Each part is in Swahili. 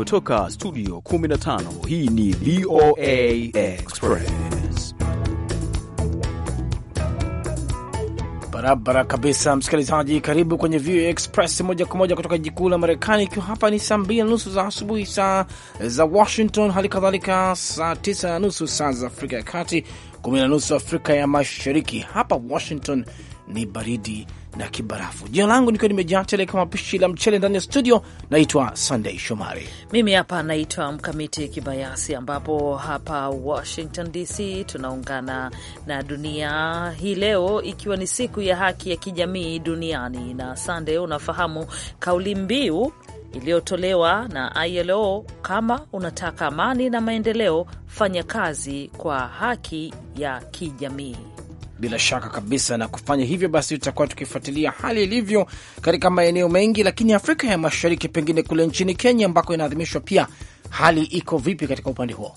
kutoka studio 15 hii ni VOA Express barabara kabisa msikilizaji karibu kwenye VOA Express moja kwa moja kutoka jikuu la Marekani ikiwa hapa ni saa mbili na nusu za asubuhi saa za Washington hali kadhalika saa tisa na nusu saa za Afrika ya Kati kumi na nusu Afrika ya Mashariki hapa Washington ni baridi na kibarafu. Jina langu nikiwa nimejaa tele kama pishi la mchele ndani ya studio, naitwa Sunday Shomari. Mimi hapa naitwa Mkamiti Kibayasi, ambapo hapa Washington DC tunaungana na dunia hii leo, ikiwa ni siku ya haki ya kijamii duniani. Na Sunday, unafahamu kauli mbiu iliyotolewa na ILO kama unataka amani na maendeleo, fanya kazi kwa haki ya kijamii bila shaka kabisa. Na kufanya hivyo basi, tutakuwa tukifuatilia hali ilivyo katika maeneo mengi, lakini Afrika ya Mashariki, pengine kule nchini Kenya ambako inaadhimishwa pia, hali iko vipi katika upande huo?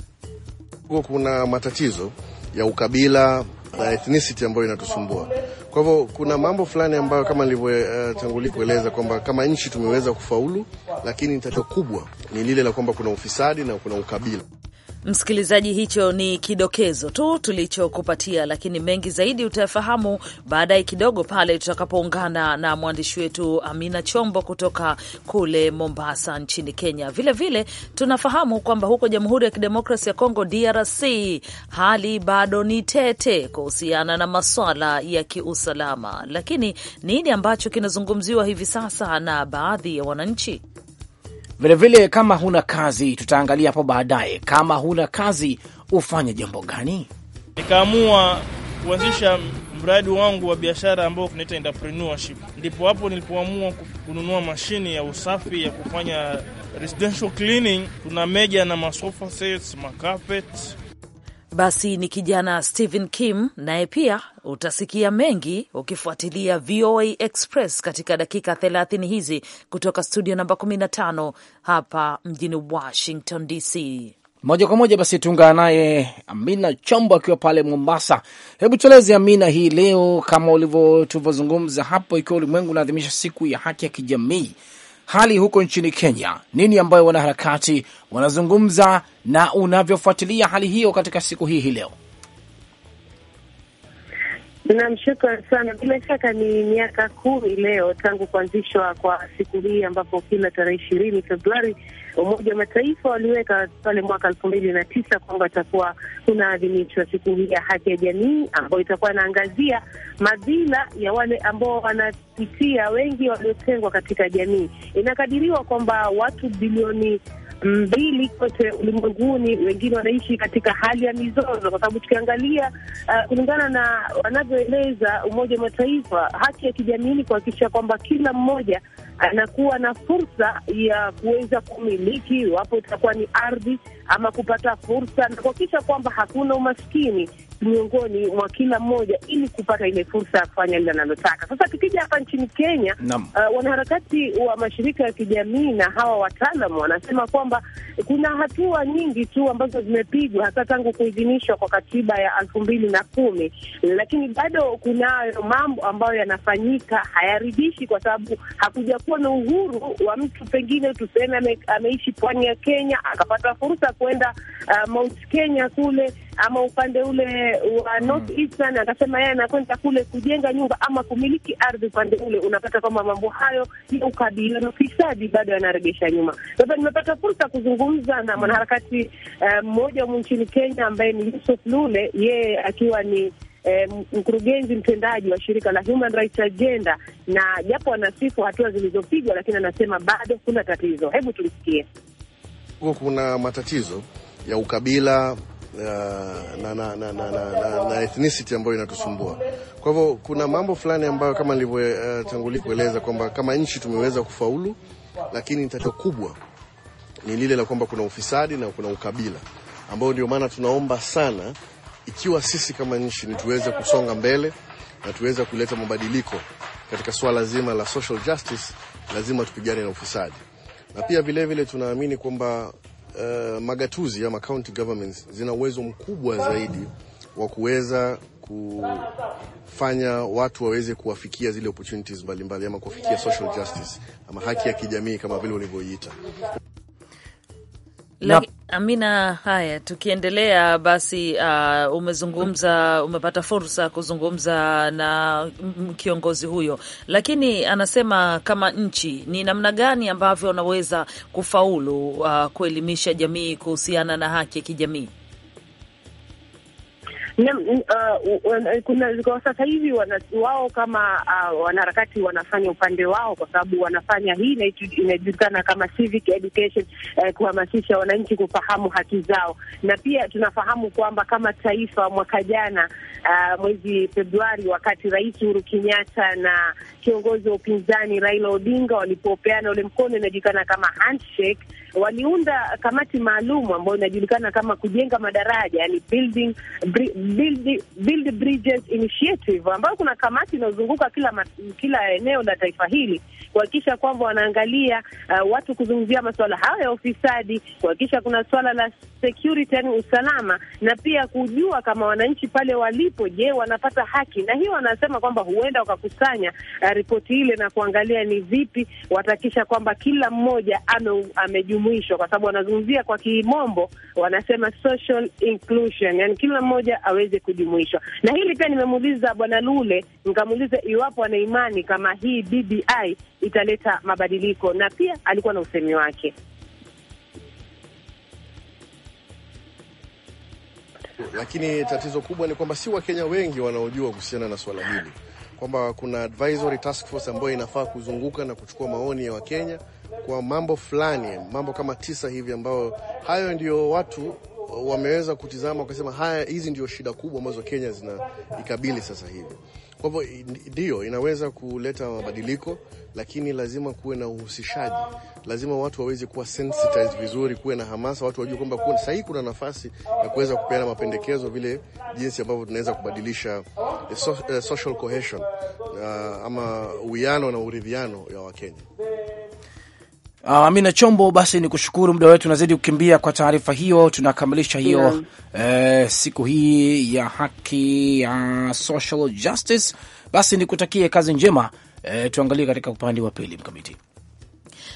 Kuna matatizo ya ukabila na ethnicity ambayo inatusumbua. Kwa hivyo kuna mambo fulani ambayo kama nilivyotanguli eh, uh, kueleza kwamba kama nchi tumeweza kufaulu, lakini tatizo kubwa ni lile la kwamba kuna ufisadi na kuna ukabila. Msikilizaji, hicho ni kidokezo tu tulichokupatia, lakini mengi zaidi utayafahamu baadaye kidogo pale tutakapoungana na mwandishi wetu Amina Chombo kutoka kule Mombasa nchini Kenya. Vilevile vile, tunafahamu kwamba huko Jamhuri ya Kidemokrasi ya Kongo DRC hali bado ni tete kuhusiana na maswala ya kiusalama, lakini nini ambacho kinazungumziwa hivi sasa na baadhi ya wananchi? Vilevile, kama huna kazi, tutaangalia hapo baadaye, kama huna kazi ufanye jambo gani. Nikaamua kuanzisha mradi wangu wa biashara ambao kunaita entrepreneurship. Ndipo hapo nilipoamua kununua mashine ya usafi ya kufanya residential cleaning. Tuna meja na masofa sets, macarpet, basi ni kijana Stephen Kim, naye pia utasikia mengi ukifuatilia VOA Express katika dakika 30 hizi kutoka studio namba 15 hapa mjini Washington DC. Moja kwa moja basi tuungana naye Amina Chombo akiwa pale Mombasa. Hebu tueleze Amina, hii leo kama ulivyo tulivyozungumza hapo, ikiwa ulimwengu unaadhimisha siku ya haki ya kijamii hali huko nchini Kenya, nini ambayo wanaharakati wanazungumza na unavyofuatilia hali hiyo katika siku hii hii leo? Namshukuru sana. Bila shaka ni miaka kumi leo tangu kuanzishwa kwa siku hii ambapo kila tarehe ishirini Februari Umoja wa Mataifa waliweka pale mwaka elfu mbili na tisa kwamba itakuwa kunaadhimishwa siku hii ya haki ya jamii ambayo itakuwa inaangazia madhila ya wale ambao wanapitia wengi waliotengwa katika jamii. Inakadiriwa kwamba watu bilioni mbili kote ulimwenguni, wengine wanaishi katika hali ya mizozo, kwa sababu tukiangalia uh, kulingana na wanavyoeleza Umoja wa Mataifa, haki ya kijamii ni kuhakikisha kwamba kila mmoja anakuwa na fursa ya kuweza kumiliki iwapo itakuwa ni ardhi ama kupata fursa na kuhakikisha kwamba hakuna umaskini miongoni mwa kila mmoja ili kupata ile fursa ya kufanya lile analotaka. Sasa tukija hapa nchini Kenya, uh, wanaharakati wa mashirika ya kijamii na hawa wataalamu wanasema kwamba kuna hatua nyingi tu ambazo zimepigwa hasa tangu kuidhinishwa kwa katiba ya elfu mbili na kumi, lakini bado kunayo mambo ambayo yanafanyika hayaridhishi, kwa sababu hakuja kuwa na uhuru wa mtu, pengine tuseme ameishi pwani ya Kenya akapata fursa kwenda uh, Mount Kenya kule ama upande ule wa hmm. North Eastern akasema yeye anakwenda kule kujenga nyumba ama kumiliki ardhi upande ule. Unapata kwamba mambo hayo ya ukabila na ufisadi bado yanaregesha nyuma. Sasa nimepata fursa kuzungumza na hmm. mwanaharakati eh, mmoja um, nchini Kenya ambaye ni Yusuf Lule, yeye akiwa ni eh, mkurugenzi mtendaji wa shirika la Human Rights Agenda, na japo anasifu hatua zilizopigwa, lakini anasema bado kuna tatizo. Hebu tulisikie. Kuna matatizo ya ukabila na, na, na, na, na, na ethnicity ambayo inatusumbua. Kwa hivyo kuna mambo fulani ambayo kama nilivyotanguli eh, uh, kueleza kwamba kama nchi tumeweza kufaulu, lakini tatizo kubwa ni lile la kwamba kuna ufisadi na kuna ukabila ambao ndio maana tunaomba sana, ikiwa sisi kama nchi ni tuweze kusonga mbele na tuweze kuleta mabadiliko katika swala zima la social justice, lazima tupigane na ufisadi, na pia vilevile tunaamini kwamba uh, magatuzi ama county governments zina uwezo mkubwa zaidi wa kuweza kufanya watu waweze kuwafikia zile opportunities mbalimbali mbali, ama kuwafikia social justice ama haki ya kijamii kama vile ulivyoiita. Laki, Amina, haya tukiendelea basi. Uh, umezungumza, umepata fursa kuzungumza na kiongozi huyo, lakini anasema kama nchi ni namna gani ambavyo wanaweza kufaulu uh, kuelimisha jamii kuhusiana na haki ya kijamii. Uh, kuna kwa sasa hivi wao kama uh, wanaharakati wanafanya upande wao, kwa sababu wanafanya hii inajulikana kama civic education eh, kuhamasisha wananchi kufahamu haki zao, na pia tunafahamu kwamba kama taifa mwaka jana uh, mwezi Februari wakati Rais Uhuru Kenyatta na kiongozi wa upinzani Raila Odinga walipopeana ule mkono inajulikana kama handshake waliunda kamati maalum ambayo inajulikana kama kujenga madaraja, yani building, build, build bridges initiative, ambayo kuna kamati inayozunguka kila, kila eneo la taifa hili kuhakikisha kwamba wanaangalia uh, watu kuzungumzia masuala hayo ya ufisadi, kuhakikisha kuna swala la security, yani usalama, na pia kujua kama wananchi pale walipo, je, wanapata haki. Na hiyo wanasema kwamba huenda wakakusanya uh, ripoti ile na kuangalia ni vipi watahakikisha kwamba kila mmoja ame, jumuisho, kwa sababu wanazungumzia kwa kimombo, wanasema social inclusion, yani kila mmoja aweze kujumuishwa. Na hili pia nimemuuliza Bwana Lule, nikamuuliza iwapo ana imani kama hii BBI italeta mabadiliko, na pia alikuwa na usemi wake. Lakini tatizo kubwa ni kwamba si Wakenya wengi wanaojua kuhusiana na swala hili kwamba kuna advisory task force ambayo inafaa kuzunguka na kuchukua maoni ya Wakenya kwa mambo fulani, mambo kama tisa hivi, ambayo hayo ndio watu wameweza kutizama wakasema, haya, hizi ndio shida kubwa ambazo Kenya zinaikabili sasa hivi. Kwa hivyo ndiyo inaweza kuleta mabadiliko, lakini lazima kuwe na uhusishaji, lazima watu waweze kuwa sensitized vizuri, kuwe na hamasa, watu wajue kwamba kuna sahii, kuna nafasi ya kuweza kupeana mapendekezo, vile jinsi ambavyo tunaweza kubadilisha eh, eh, social cohesion uh, ama uwiano na uridhiano ya Wakenya. Ah, Amina Chombo, basi ni kushukuru, muda wetu unazidi kukimbia. Kwa taarifa hiyo tunakamilisha hiyo yeah. uh, siku hii ya haki ya uh, social justice. Basi nikutakie kazi njema. Uh, tuangalie katika upande wa pili mkamiti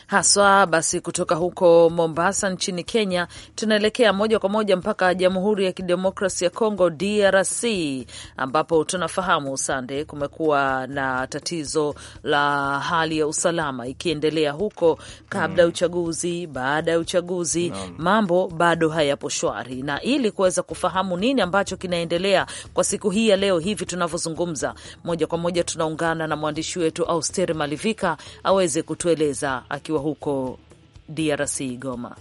haswa. Basi kutoka huko Mombasa nchini Kenya tunaelekea moja kwa moja mpaka Jamhuri ya Kidemokrasi ya congo DRC, ambapo tunafahamu Sande, kumekuwa na tatizo la hali ya usalama ikiendelea huko kabla ya mm. uchaguzi, baada ya uchaguzi no. mambo bado hayapo shwari, na ili kuweza kufahamu nini ambacho kinaendelea kwa siku hii ya leo, hivi tunavyozungumza, moja kwa moja tunaungana na mwandishi wetu Austeri Malivika aweze kutueleza akiwa ukiwa huko DRC Goma.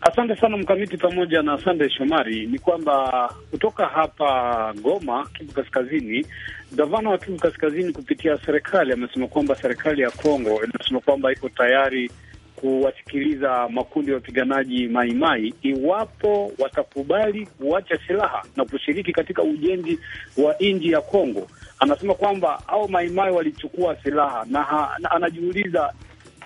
Asante sana Mkamiti pamoja na Sande Shomari. Ni kwamba kutoka hapa Goma, Kivu Kaskazini, gavana wa Kivu Kaskazini kupitia serikali amesema kwamba serikali ya Kongo inasema kwamba iko tayari kuwasikiliza makundi ya wapiganaji Maimai iwapo watakubali kuacha silaha na kushiriki katika ujenzi wa nchi ya Kongo. Anasema kwamba au Maimai walichukua silaha na, ha, na anajiuliza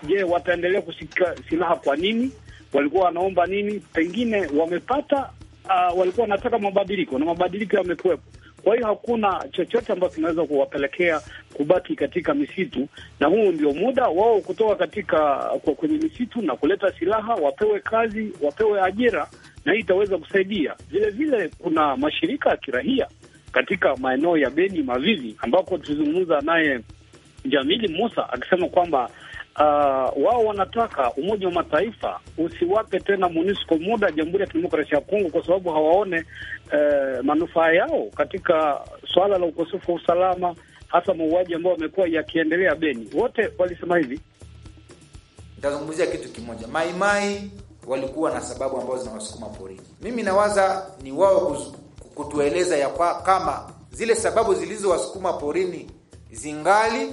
je, wataendelea kushika silaha kwa nini? Walikuwa wanaomba nini? Pengine wamepata uh, walikuwa wanataka mabadiliko na mabadiliko yamekuwepo. Kwa hiyo hakuna chochote ambacho kinaweza kuwapelekea kubaki katika misitu, na huu ndio muda wao kutoka katika kwa kwenye misitu na kuleta silaha, wapewe kazi, wapewe ajira, na hii itaweza kusaidia vilevile. Vile kuna mashirika ya kirahia katika maeneo ya Beni Mavivi ambako tulizungumza naye Jamili Musa akisema kwamba uh, wao wanataka Umoja wa Mataifa usiwape tena MONUSCO muda Jamhuri ya Kidemokrasia ya Kongo kwa sababu hawaone uh, manufaa yao katika swala la ukosefu wa usalama, hasa mauaji ambayo wamekuwa yakiendelea Beni. Wote walisema hivi. Nitazungumzia kitu kimoja, maimai walikuwa na sababu ambazo zinawasukuma porini. Mimi nawaza ni wao kutueleza ya kwa, kama zile sababu zilizowasukuma porini zingali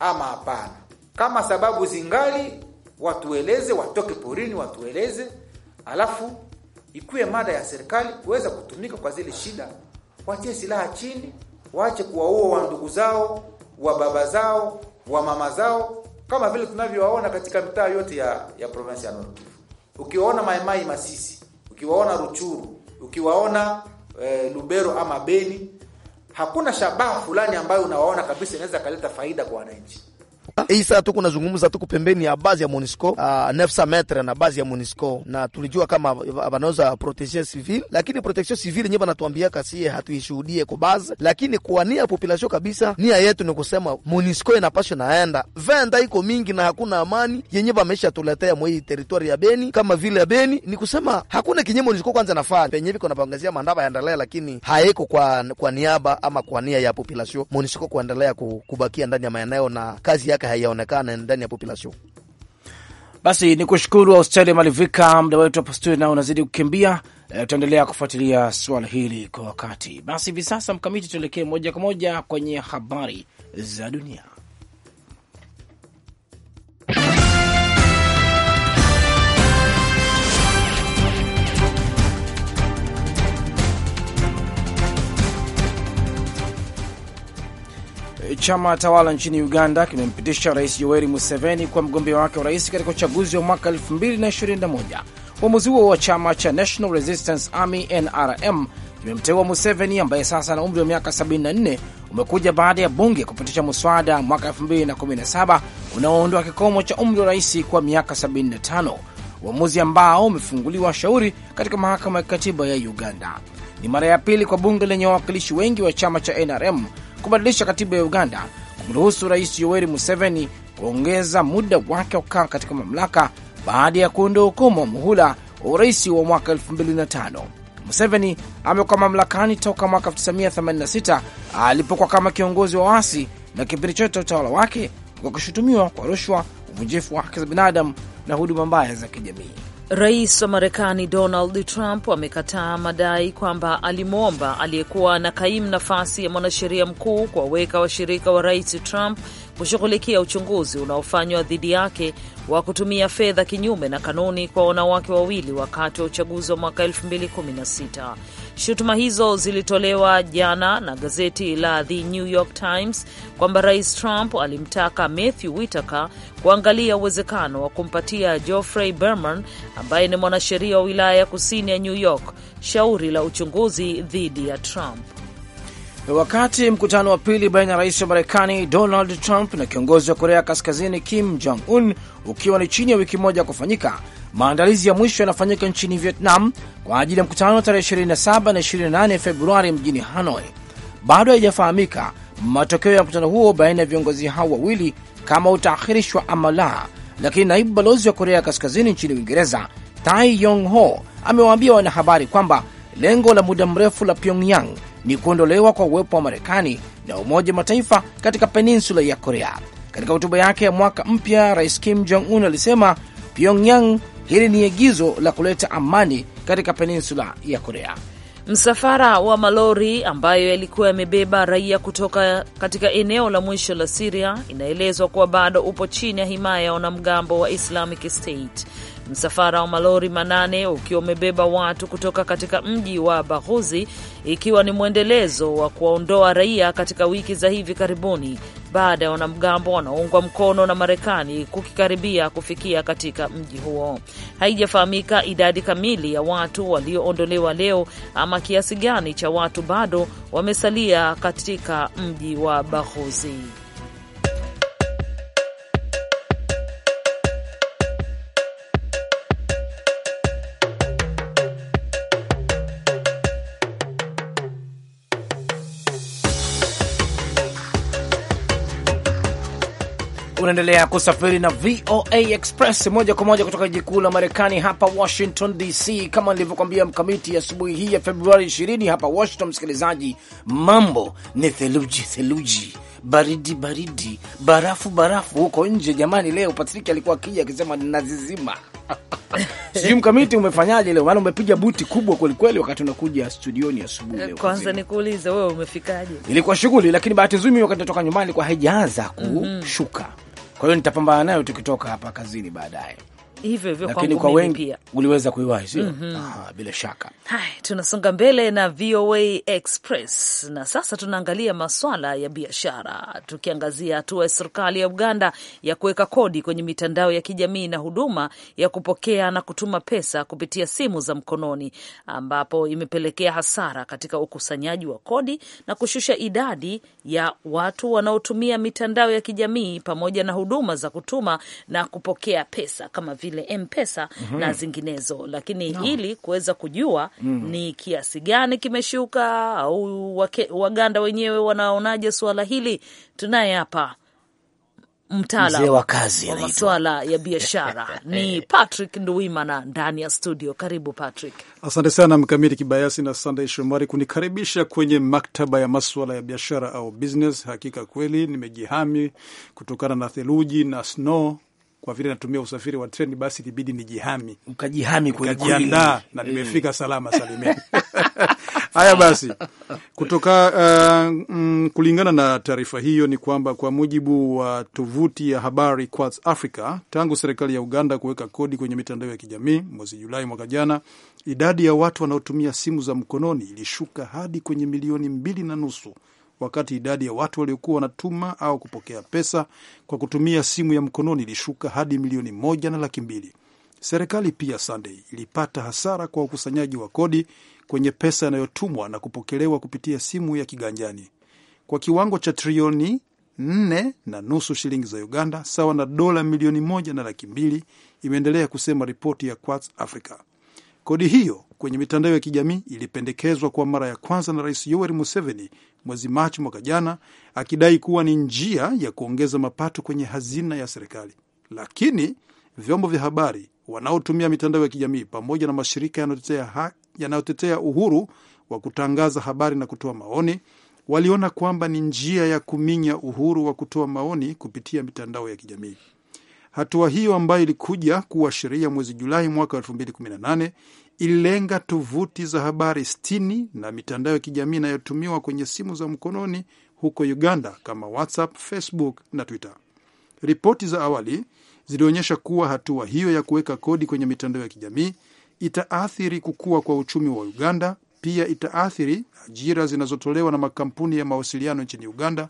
ama hapana. Kama sababu zingali watueleze, watoke porini watueleze, alafu ikuwe mada ya serikali kuweza kutumika kwa zile shida. Watie silaha chini, waache kuwaua wa ndugu zao, wa baba zao, wa mama zao kama vile tunavyowaona katika mitaa yote ya ya province ya Nord Kivu. Ukiwaona Maimai Masisi, ukiwaona Ruchuru, ukiwaona e, Lubero ama Beni, hakuna shabaha fulani ambayo unawaona kabisa inaweza kaleta faida kwa wananchi. Ah, hii saa tuku nazungumza, tuko pembeni ya bazi ya Monisco uh, ah, nefsa metre na bazi ya Monisco, na tulijua kama wanauza protection civil, lakini protection civil nyewe wanatuambia kasie hatuishuhudie kwa bazi, lakini kwa nia population kabisa, nia yetu ni kusema Monisco inapaswa naenda venda iko mingi na hakuna amani yenye wamesha tuletea hii territory ya Beni kama vile ya Beni, ni kusema hakuna kinyume. Monisco kwanza nafanya penye viko napangazia mandaba yaendelea, lakini haiko kwa, kwa niaba ama kwa nia ya population Monisco kuendelea kubakia ndani ya maeneo na kazi yake haraka hayaonekana ndani ya population. Basi ni kushukuru Austeli Malivika, muda wetu hapo studio nao unazidi kukimbia. Eh, tutaendelea kufuatilia suala hili kwa wakati. Basi hivi sasa, Mkamiti, tuelekee moja kwa moja kwenye habari za dunia. chama tawala nchini Uganda kimempitisha Rais Yoweri Museveni kuwa mgombea wake wa rais katika uchaguzi wa mwaka 2021. Uamuzi huo wa chama cha National Resistance Army NRM kimemteua Museveni ambaye sasa ana umri wa miaka 74 umekuja baada ya bunge kupitisha muswada mwaka 2017 unaoondoa kikomo cha umri wa rais kwa miaka 75, uamuzi ambao umefunguliwa shauri katika mahakama ya katiba ya Uganda. Ni mara ya pili kwa bunge lenye wawakilishi wengi wa chama cha NRM kubadilisha katiba ya Uganda kumruhusu Rais Yoweri Museveni kuongeza muda wake wa kukaa katika mamlaka baada ya kuondoa ukomo wa muhula wa urais wa mwaka 2005. Museveni amekuwa mamlakani toka mwaka 1986 alipokuwa kama kiongozi wa waasi, na kipindi chote cha utawala wake kwa kushutumiwa kwa rushwa, uvunjifu wa haki za binadamu na huduma mbaya za kijamii. Rais wa Marekani Donald Trump amekataa madai kwamba alimwomba aliyekuwa na kaimu nafasi ya mwanasheria mkuu kuwaweka washirika wa rais Trump kushughulikia uchunguzi unaofanywa dhidi yake wa kutumia fedha kinyume na kanuni kwa wanawake wawili wakati wa uchaguzi wa mwaka 2016. Shutuma hizo zilitolewa jana na gazeti la The New York Times kwamba Rais Trump alimtaka Matthew Whitaker kuangalia uwezekano wa kumpatia Geoffrey Berman ambaye ni mwanasheria wa wilaya ya kusini ya New York shauri la uchunguzi dhidi ya Trump. Wakati mkutano wa pili baina ya rais wa Marekani Donald Trump na kiongozi wa Korea Kaskazini Kim Jong Un ukiwa ni chini ya wiki moja kufanyika, Maandalizi ya mwisho yanafanyika nchini Vietnam kwa ajili ya mkutano wa tarehe 27 na 28 Februari mjini Hanoi. Bado haijafahamika matokeo ya mkutano huo baina ya viongozi hao wawili kama utaakhirishwa ama la, lakini naibu balozi wa Korea Kaskazini nchini Uingereza Tai Yong Ho amewaambia wanahabari kwamba lengo la muda mrefu la Pyongyang ni kuondolewa kwa uwepo wa Marekani na Umoja Mataifa katika peninsula ya Korea. Katika hotuba yake ya mwaka mpya, Rais Kim Jong Un alisema Pyongyang hili ni igizo la kuleta amani katika peninsula ya Korea. Msafara wa malori ambayo yalikuwa yamebeba raia kutoka katika eneo la mwisho la Siria inaelezwa kuwa bado upo chini ya himaya ya wanamgambo wa Islamic State Msafara wa malori manane ukiwa umebeba watu kutoka katika mji wa Baghuzi, ikiwa ni mwendelezo wa kuwaondoa raia katika wiki za hivi karibuni baada ya wanamgambo wanaoungwa mkono na Marekani kukikaribia kufikia katika mji huo. Haijafahamika idadi kamili ya watu walioondolewa leo ama kiasi gani cha watu bado wamesalia katika mji wa Baghuzi. unaendelea kusafiri na VOA Express moja kwa moja kutoka jiji kuu la Marekani hapa Washington DC. Kama nilivyokwambia mkamiti, asubuhi hii ya Februari 20 hapa Washington, msikilizaji, mambo ni theluji theluji, baridi baridi, barafu barafu huko nje. Jamani, leo Patrick alikuwa akija akisema nazizima Sijui Mkamiti, umefanyaje leo? Maana umepiga buti kubwa kwelikweli wakati unakuja studioni asubuhi leo. Kwanza nikuulize wewe, umefikaje? Ilikuwa shughuli, lakini bahati nzuri mimi wakati natoka nyumbani kwa haijaanza kushuka mm -hmm. Kwa hiyo nitapambana nayo tukitoka hapa kazini baadaye hivyo hivyo, lakini kwa wengi pia uliweza kuiwahi, sio? mm -hmm. Ah, bila shaka. Hai, tunasonga mbele na VOA Express na sasa tunaangalia maswala ya biashara, tukiangazia hatua ya serikali ya Uganda ya kuweka kodi kwenye mitandao ya kijamii na huduma ya kupokea na kutuma pesa kupitia simu za mkononi, ambapo imepelekea hasara katika ukusanyaji wa kodi na kushusha idadi ya watu wanaotumia mitandao ya kijamii pamoja na huduma za kutuma na kupokea pesa kama vile vile Mpesa mm -hmm. na mhm. zinginezo, lakini no. ili kuweza kujua mm -hmm. ni kiasi gani kimeshuka au wake, Waganda wenyewe wanaonaje suala hili, tunaye hapa mtaalamu wa kazi wa masuala ya biashara ni Patrick Nduwimana ndani ya studio. Karibu Patrick. Asante sana Mkamiti Kibayasi na Sandey Shomari kunikaribisha kwenye maktaba ya maswala ya biashara au business. Hakika kweli nimejihami kutokana na theluji na snow kwa vile natumia usafiri wa treni, basi ilibidi nijihami, ukajihami, nikajiandaa na eh. nimefika salama salimeni. Haya basi, kutoka uh, mm, kulingana na taarifa hiyo ni kwamba kwa mujibu wa uh, tovuti ya habari Quartz Africa, tangu serikali ya Uganda kuweka kodi kwenye mitandao ya kijamii mwezi Julai mwaka jana, idadi ya watu wanaotumia simu za mkononi ilishuka hadi kwenye milioni mbili na nusu wakati idadi ya watu waliokuwa wanatuma au kupokea pesa kwa kutumia simu ya mkononi ilishuka hadi milioni moja na laki mbili. Serikali pia Sunday ilipata hasara kwa ukusanyaji wa kodi kwenye pesa yanayotumwa na kupokelewa kupitia simu ya kiganjani kwa kiwango cha trilioni nne na nusu shilingi za Uganda, sawa na dola milioni moja na laki mbili, imeendelea kusema ripoti ya Quartz Africa. Kodi hiyo kwenye mitandao ya kijamii ilipendekezwa kwa mara ya kwanza na Rais Yoweri Museveni mwezi Machi mwaka jana, akidai kuwa ni njia ya kuongeza mapato kwenye hazina ya serikali. Lakini vyombo vya habari, wanaotumia mitandao ya kijamii, pamoja na mashirika yanayotetea yanayotetea uhuru wa kutangaza habari na kutoa maoni waliona kwamba ni njia ya kuminya uhuru wa kutoa maoni kupitia mitandao ya kijamii. Hatua hiyo ambayo ilikuja kuwa sheria mwezi Julai mwaka 2018 ililenga tovuti za habari sitini na mitandao ya kijamii inayotumiwa kwenye simu za mkononi huko Uganda kama WhatsApp, Facebook na Twitter. Ripoti za awali zilionyesha kuwa hatua hiyo ya kuweka kodi kwenye mitandao ya kijamii itaathiri kukua kwa uchumi wa Uganda. Pia itaathiri ajira zinazotolewa na makampuni ya mawasiliano nchini Uganda,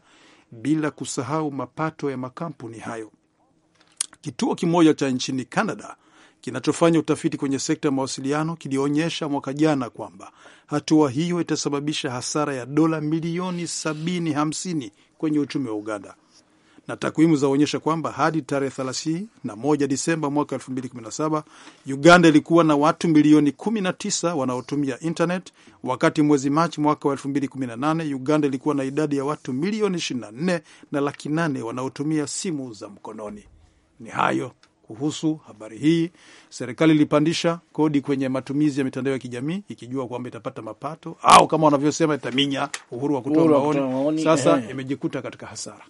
bila kusahau mapato ya makampuni hayo kituo kimoja cha nchini Canada kinachofanya utafiti kwenye sekta ya mawasiliano kilionyesha mwaka jana kwamba hatua hiyo itasababisha hasara ya dola milioni sabini hamsini kwenye uchumi wa Uganda, na takwimu zaonyesha kwamba hadi tarehe 31 Disemba mwaka 2017 Uganda ilikuwa na watu milioni 19 wanaotumia internet, wakati mwezi Machi mwaka wa 2018 Uganda ilikuwa na idadi ya watu milioni 24 na laki nane wanaotumia simu za mkononi. Ni hayo kuhusu habari hii. Serikali ilipandisha kodi kwenye matumizi ya mitandao ya kijamii ikijua kwamba itapata mapato au kama wanavyosema itaminya uhuru wa kutoa maoni. Sasa eh, imejikuta katika hasara.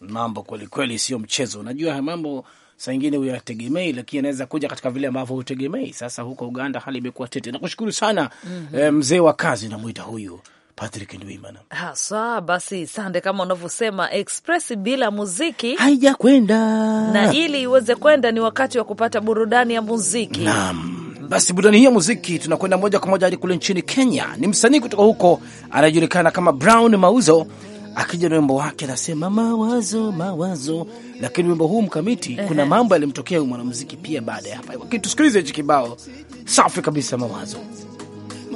Mambo kwelikweli, sio mchezo. Unajua haya mambo saa ingine huyategemei, lakini anaweza kuja katika vile ambavyo hutegemei. Sasa huko Uganda hali imekuwa tete. Nakushukuru sana mm -hmm. Mzee wa kazi namwita huyu Patrick Ndwimana haswa. Basi Sande, kama unavyosema express bila muziki haijakwenda, na ili iweze kwenda ni wakati wa kupata burudani ya muziki. Naam. Basi burudani hii ya muziki tunakwenda moja kwa moja hadi kule nchini Kenya. Ni msanii kutoka huko anayejulikana kama Brown Mauzo, akija na wimbo wake anasema mawazo mawazo. Lakini wimbo huu mkamiti, kuna mambo yalimtokea huyu mwanamuziki pia baada ya hapa. Tusikilize hichi kibao safi kabisa, mawazo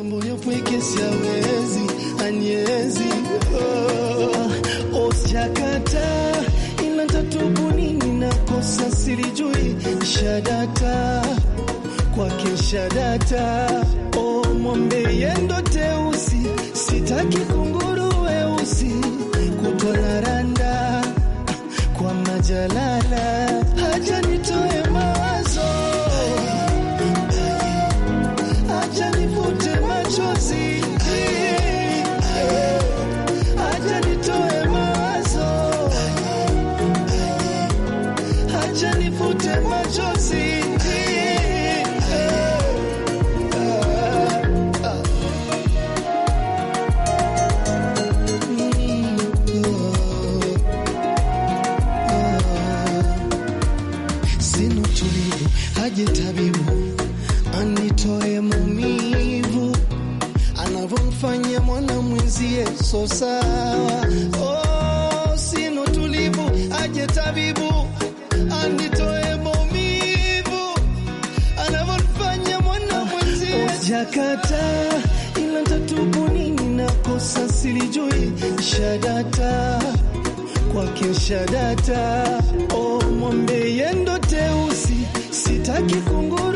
mambo ya kwake siawezi anyezi oh, osyakata oh, ila tatubuni ninakosa silijui shadata kwake shadata oh, mwambe yendo teusi sitaki kunguru weusi randa kwa majalala haja nitoe so sawa, oh, sina tulivu, aje tabibu anitoe maumivu anavyofanya mwana mwenzie. Ujakata ila tatubu nini na kosa silijui, shadata kwake shadata, oh, mwambe yendo teusi, sitaki kungu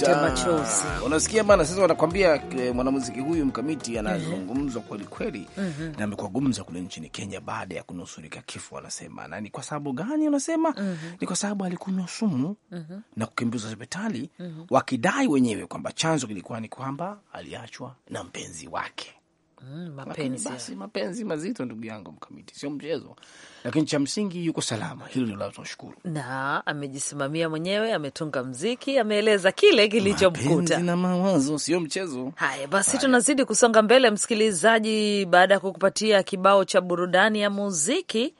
kufuta machozi. Unasikia maana sasa wanakwambia eh, mwanamuziki huyu mkamiti anazungumzwa kweli kweli, mhm. na amekuwa gumza kule nchini Kenya baada ya kunusurika kifo. Wanasema na ni kwa sababu gani? unasema mhm. ni kwa sababu alikunywa sumu mhm. na kukimbizwa hospitali, wakidai wenyewe kwamba chanzo kilikuwa ni kwamba aliachwa na mpenzi wake. Mm, mapenzi. Basi mapenzi mazito ndugu yangu mkamiti, sio mchezo, lakini cha msingi yuko salama, hilo ndilo tunashukuru. Na amejisimamia mwenyewe, ametunga mziki, ameeleza kile kilichomkuta na mawazo, sio mchezo. Haya basi, haya. Tunazidi kusonga mbele, msikilizaji, baada ya kukupatia kibao cha burudani ya muziki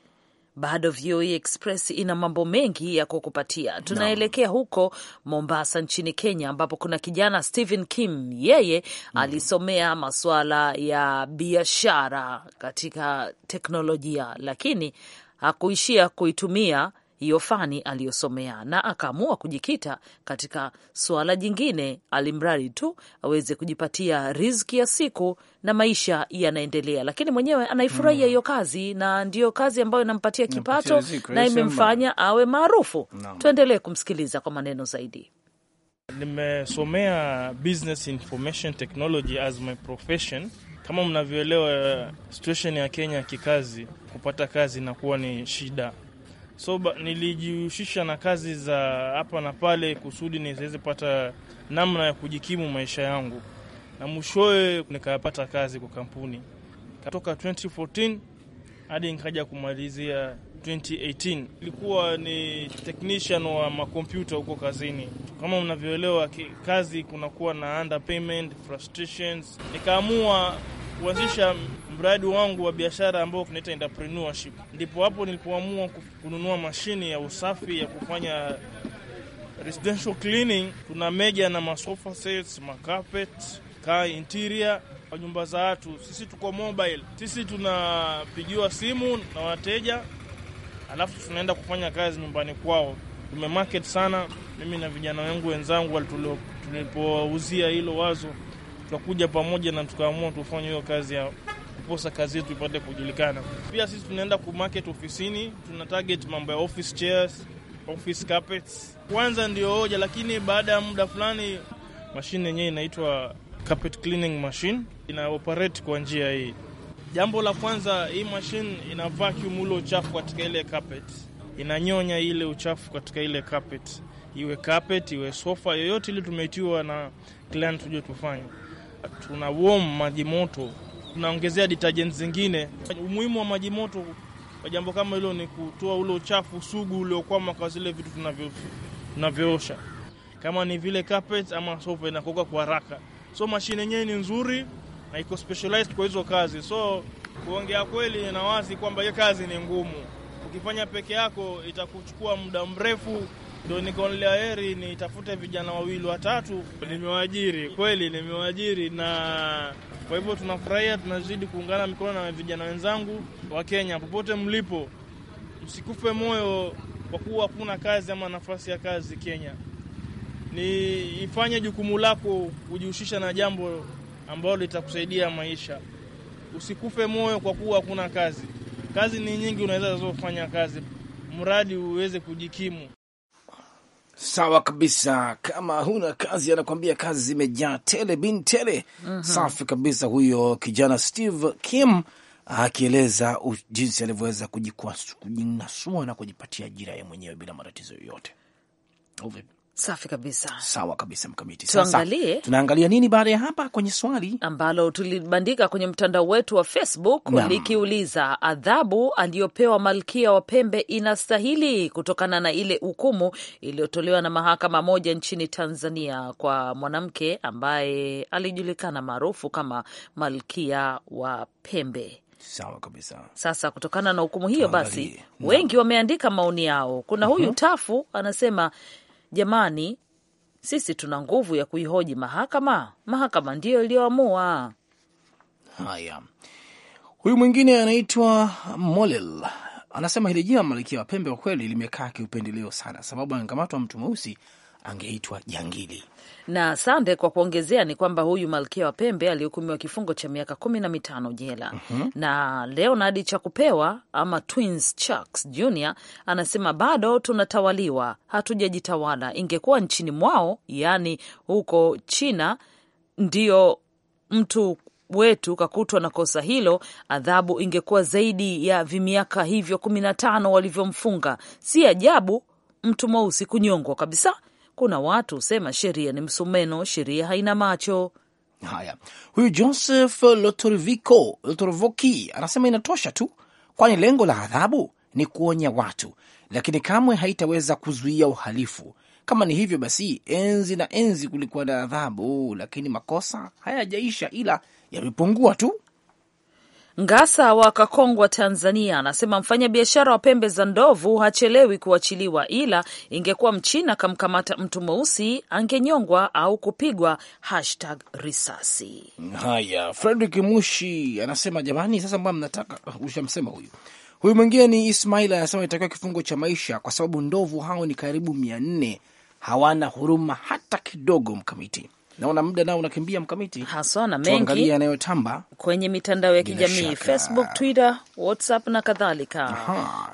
bado VOA e Express ina mambo mengi ya kukupatia. Tunaelekea huko Mombasa nchini Kenya, ambapo kuna kijana Stephen Kim, yeye alisomea masuala ya biashara katika teknolojia, lakini hakuishia kuitumia hiyo fani aliyosomea, na akaamua kujikita katika suala jingine, alimradi tu aweze kujipatia riziki ya siku na maisha yanaendelea, lakini mwenyewe anaifurahia hmm. hiyo mm. kazi na ndiyo kazi ambayo inampatia kipato na imemfanya awe maarufu no. Tuendelee kumsikiliza kwa maneno zaidi. Nimesomea business information technology as my profession. Kama mnavyoelewa, eh, situation ya Kenya kikazi, kupata kazi inakuwa ni shida so nilijihusisha na kazi za hapa na pale kusudi niweze pata namna ya kujikimu maisha yangu, na mwishowe nikapata kazi kwa kampuni kutoka 2014 hadi nikaja kumalizia 2018. Ilikuwa ni technician wa makompyuta huko kazini. Kama mnavyoelewa, kazi kunakuwa na underpayment, frustrations. Nikaamua kuanzisha mradi wangu wa biashara ambao tunaita entrepreneurship. Ndipo hapo nilipoamua kununua mashini ya usafi ya kufanya residential cleaning. Tuna meja na masofa sets, macarpet, ka interior kwa nyumba za watu. Sisi tuko mobile, sisi tunapigiwa simu na wateja, alafu tunaenda kufanya kazi nyumbani kwao. Tumemarket sana, mimi na vijana wangu wenzangu tulipouzia hilo wazo, tukakuja pamoja na tukaamua tufanye hiyo kazi ya kuposa kazi yetu ipate kujulikana. Pia sisi tunaenda kumarket ofisini, tuna target mambo ya office chairs, office carpets. Kwanza ndio hoja, lakini baada ya muda fulani mashine yenyewe inaitwa carpet cleaning machine ina operate kwa njia hii. Jambo la kwanza, hii mashine ina vacuum ule uchafu katika ile carpet, inanyonya ile uchafu katika ile carpet, iwe carpet iwe sofa yoyote ile tumeitiwa na client tujue tufanye. Tuna warm maji moto tunaongezea detergent zingine. Umuhimu wa maji moto kwa jambo kama hilo ni kutoa ule uchafu sugu uliokwama kwa zile vitu tunavyoosha, kama ni vile carpet ama sofa, inakoka kwa haraka. So mashine yenyewe ni nzuri na iko specialized kwa hizo kazi. So kuongea kweli na wazi kwamba hiyo kazi ni ngumu, ukifanya peke yako itakuchukua muda mrefu ndio nlea heri nitafute vijana wawili watatu, nimewajiri kweli, nimewajiri na kwa hivyo tunafurahia, tunazidi kuungana mikono na vijana wenzangu wa Kenya. Popote mlipo, msikufe moyo kwa kuwa hakuna kazi ama nafasi ya kazi Kenya. Ni ifanye jukumu lako kujihusisha na jambo ambalo litakusaidia maisha. Usikufe moyo kwa kuwa hakuna kazi. Kazi ni nyingi, unaweza zofanya kazi mradi uweze kujikimu. Sawa kabisa, kama huna kazi, anakuambia kazi zimejaa tele bin tele. mm -hmm. Safi kabisa, huyo kijana Steve Kim akieleza jinsi alivyoweza kujinasua na kujipatia ajira ye mwenyewe bila matatizo yoyote. Safi kabisa, sawa kabisa Mkamiti. Sasa tunaangalia nini baada ya hapa kwenye swali ambalo tulibandika kwenye mtandao wetu wa Facebook Nam. likiuliza adhabu aliyopewa malkia wa pembe inastahili kutokana na ile hukumu iliyotolewa na mahakama moja nchini Tanzania kwa mwanamke ambaye alijulikana maarufu kama malkia wa pembe. Sawa kabisa. Sasa kutokana na hukumu hiyo, basi wengi wameandika maoni yao. Kuna huyu mhm. Tafu anasema Jamani, sisi tuna nguvu ya kuihoji mahakama. Mahakama ndiyo iliyoamua haya. Huyu mwingine anaitwa Molel anasema hili jina Malkia wa Pembe kwa kweli limekaa kiupendeleo sana, sababu anakamatwa mtu mweusi angeitwa jangili. Na sande kwa kuongezea ni kwamba huyu malkia wa pembe alihukumiwa kifungo cha miaka kumi na mitano jela. mm -hmm. Na Leonard Chakupewa ama Twins Chucks Jr anasema bado tunatawaliwa, hatujajitawala. Ingekuwa nchini mwao, yaani huko China, ndio mtu wetu kakutwa na kosa hilo, adhabu ingekuwa zaidi ya vimiaka hivyo kumi na tano walivyomfunga. Si ajabu mtu mweusi kunyongwa kabisa kuna watu husema sheria ni msumeno, sheria haina macho. Haya, huyu Joseph Lotoriviko Lotorovoki anasema inatosha tu, kwani lengo la adhabu ni kuonya watu, lakini kamwe haitaweza kuzuia uhalifu. Kama ni hivyo basi, enzi na enzi kulikuwa na adhabu, lakini makosa hayajaisha, ila yamepungua tu. Ngasa wa Kakongwa, Tanzania, anasema mfanyabiashara wa pembe za ndovu hachelewi kuachiliwa, ila ingekuwa mchina kamkamata mtu mweusi angenyongwa au kupigwa hashtag risasi. Haya, Fredrik Mushi anasema jamani, sasa mbona mnataka ushamsema huyu huyu mwingine ni Ismail anasema itakiwa kifungo cha maisha kwa sababu ndovu hao ni karibu mia nne, hawana huruma hata kidogo. Mkamiti naona muda nao unakimbia mkamiti haswa na mengi yanayotamba kwenye mitandao ya kijamii Facebook, Twitter, WhatsApp na kadhalika.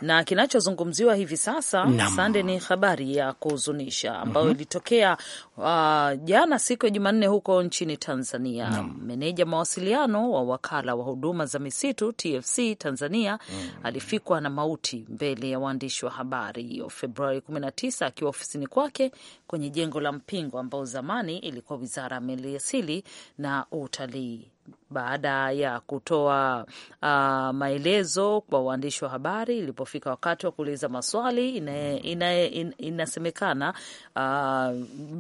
Na kinachozungumziwa hivi sasa sande ni habari ya kuhuzunisha ambayo mm -hmm. ilitokea uh, jana siku ya Jumanne huko nchini Tanzania. Meneja mawasiliano wa wakala wa huduma za misitu TFC Tanzania mm, -hmm. alifikwa na mauti mbele ya waandishi wa habari hiyo Februari 19 akiwa ofisini kwake kwenye jengo la Mpingo ambao zamani ilikuwa wizara ya maliasili na utalii baada ya kutoa uh, maelezo kwa waandishi wa habari. Ilipofika wakati wa kuuliza maswali, inasemekana uh,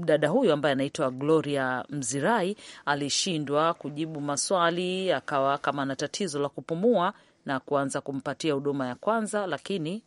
dada huyu ambaye anaitwa Gloria Mzirai alishindwa kujibu maswali, akawa kama na tatizo la kupumua na kuanza kumpatia huduma ya kwanza, lakini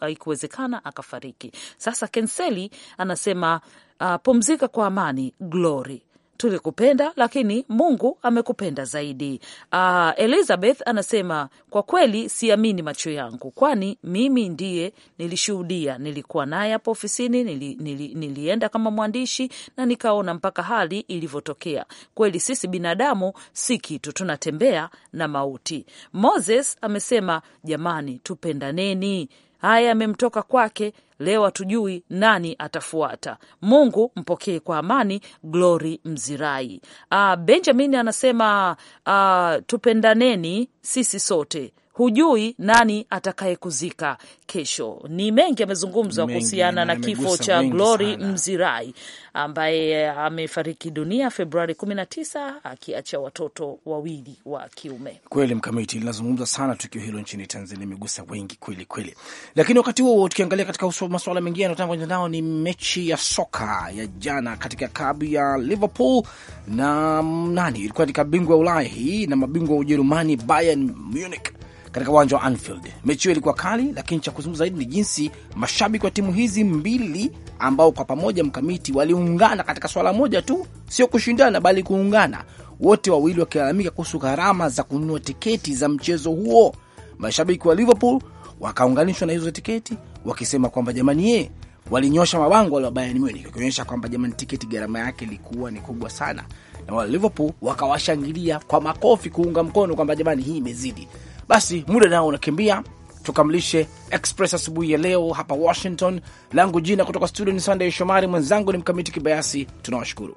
haikuwezekana, akafariki. Sasa Kenseli anasema uh, pumzika kwa amani Glory. Tulikupenda lakini Mungu amekupenda zaidi. Uh, Elizabeth anasema kwa kweli siamini macho yangu, kwani mimi ndiye nilishuhudia. Nilikuwa naye hapo ofisini, nili, nili, nilienda kama mwandishi na nikaona mpaka hali ilivyotokea. Kweli sisi binadamu si kitu, tunatembea na mauti. Moses amesema jamani, tupendaneni haya yamemtoka kwake, leo hatujui nani atafuata. Mungu mpokee kwa amani. Glory Mzirai. Uh, Benjamin anasema uh, tupendaneni sisi sote hujui nani atakayekuzika kesho. Ni mengi amezungumzwa kuhusiana na kifo cha Glory sana, Mzirai ambaye amefariki dunia Februari 19 akiacha watoto wawili wa kiume. Kweli mkamiti, linazungumza sana tukio hilo nchini Tanzania, imegusa wengi kweli kweli. Lakini wakati huo tukiangalia katika masuala mengine yanayotamba kwenye mtandao, ni mechi ya soka ya jana katika klabu ya Liverpool na nani ilikuwa katika bingwa ya Ulaya hii na mabingwa wa Ujerumani Bayern Munich katika uwanja wa Anfield. Mechi hiyo ilikuwa kali, lakini cha kuzungumza zaidi ni jinsi mashabiki wa timu hizi mbili ambao kwa pamoja mkamiti waliungana katika swala moja tu, sio kushindana, bali kuungana, wote wawili wakilalamika kuhusu gharama za kununua tiketi za mchezo huo. Mashabiki wa Liverpool wakaunganishwa na hizo tiketi, wakisema kwamba jamani, ye walinyosha mabango wale wa Bayern Munich, wakionyesha kwamba jamani, tiketi gharama yake ilikuwa ni kubwa sana, na wale Liverpool wakawashangilia kwa makofi kuunga mkono kwamba jamani, hii imezidi. Basi muda nao unakimbia, tukamilishe Express asubuhi ya leo hapa Washington. Langu jina kutoka studio ni Sunday Shomari, mwenzangu ni Mkamiti Kibayasi. Tunawashukuru.